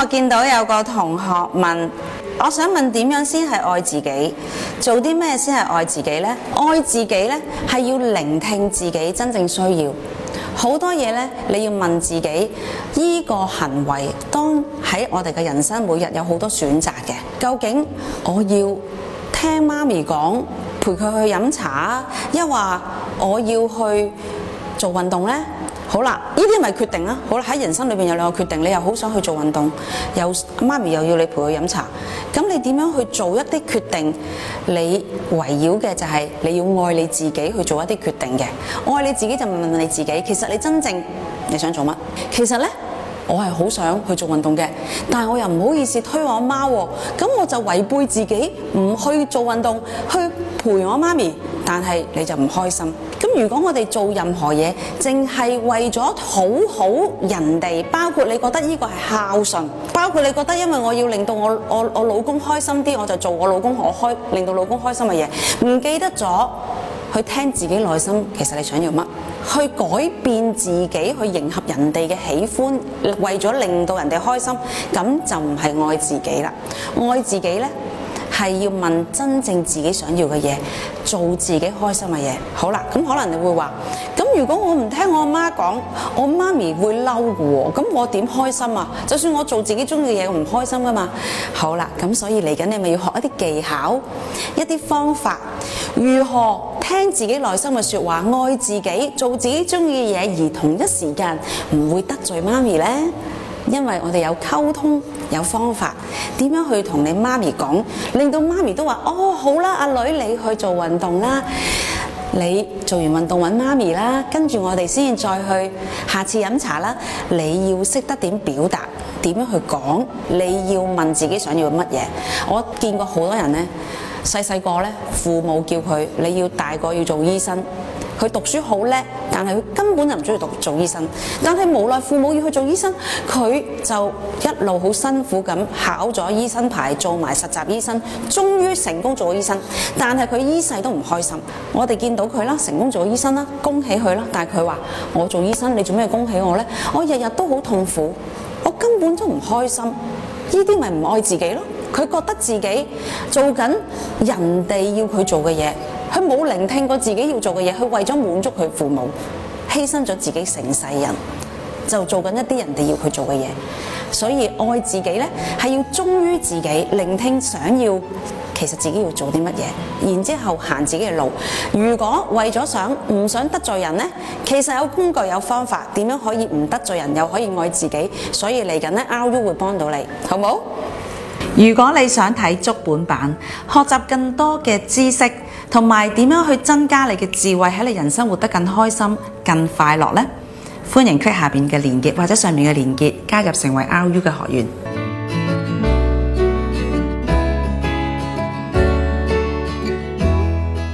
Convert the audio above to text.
我見到有個同學問，我想問點樣先係愛自己？做啲咩先係愛自己呢？愛自己呢係要聆聽自己真正需要。好多嘢呢，你要問自己，依、這個行為當喺我哋嘅人生每日有好多選擇嘅。究竟我要聽媽咪講，陪佢去飲茶啊？抑或我要去做運動呢？好啦，呢啲咪決定啦。好啦，喺人生裏邊有兩個決定，你又好想去做運動，又媽咪又要你陪佢飲茶，咁你點樣去做一啲決定？你圍繞嘅就係你要愛你自己去做一啲決定嘅，愛你自己就問問你自己，其實你真正你想做乜？其實呢，我係好想去做運動嘅，但係我又唔好意思推我媽，咁我就違背自己唔去做運動，去陪我媽咪。但係你就唔開心。咁如果我哋做任何嘢，淨係為咗討好人哋，包括你覺得呢個係孝順，包括你覺得因為我要令到我我我老公開心啲，我就做我老公我開令到老公開心嘅嘢，唔記得咗去聽自己的內心，其實你想要乜，去改變自己，去迎合人哋嘅喜歡，為咗令到人哋開心，咁就唔係愛自己啦。愛自己呢，係要問真正自己想要嘅嘢，做自己開心嘅嘢。好啦，咁可能你會話，咁如果我唔聽我阿媽講，我媽咪會嬲嘅喎，咁我點開心啊？就算我做自己中意嘅嘢，我唔開心吖嘛。好啦，咁所以嚟緊你咪要學一啲技巧，一啲方法，如何聽自己內心嘅說話，愛自己，做自己中意嘅嘢，而同一時間唔會得罪媽咪呢？因為我哋有溝通。有方法，點樣去同你媽咪講，令到媽咪都話哦，好啦，阿女你去做運動啦，你做完運動揾媽咪啦，跟住我哋先再去下次飲茶啦。你要識得點表達，點樣去講，你要問自己想要乜嘢。我見過好多人呢，細細個呢，父母叫佢，你要大個要做醫生。佢讀書好叻，但係佢根本就唔中意讀做醫生。但係無奈父母要去做醫生，佢就一路好辛苦咁考咗醫生牌，做埋實習醫生，終於成功做醫生。但係佢一世都唔開心。我哋見到佢啦，成功做醫生啦，恭喜佢啦。但係佢話：我做醫生，你做咩恭喜我呢？我日日都好痛苦，我根本都唔開心。呢啲咪唔愛自己咯？佢覺得自己做緊人哋要佢做嘅嘢。佢冇聆聽過自己要做嘅嘢，佢為咗滿足佢父母，犧牲咗自己成世人，就做緊一啲人哋要佢做嘅嘢。所以愛自己呢，係要忠於自己，聆聽想要，其實自己要做啲乜嘢，然之後行自己嘅路。如果為咗想唔想得罪人呢，其實有工具有方法，點樣可以唔得罪人又可以愛自己？所以嚟緊呢，RU 會幫到你，好唔好？如果你想睇足本版，學習更多嘅知識，同埋點樣去增加你嘅智慧，使你人生活得更開心、更快樂咧，歡迎 click 下面嘅鏈接或者上面嘅鏈接，加入成為 RU 嘅學員。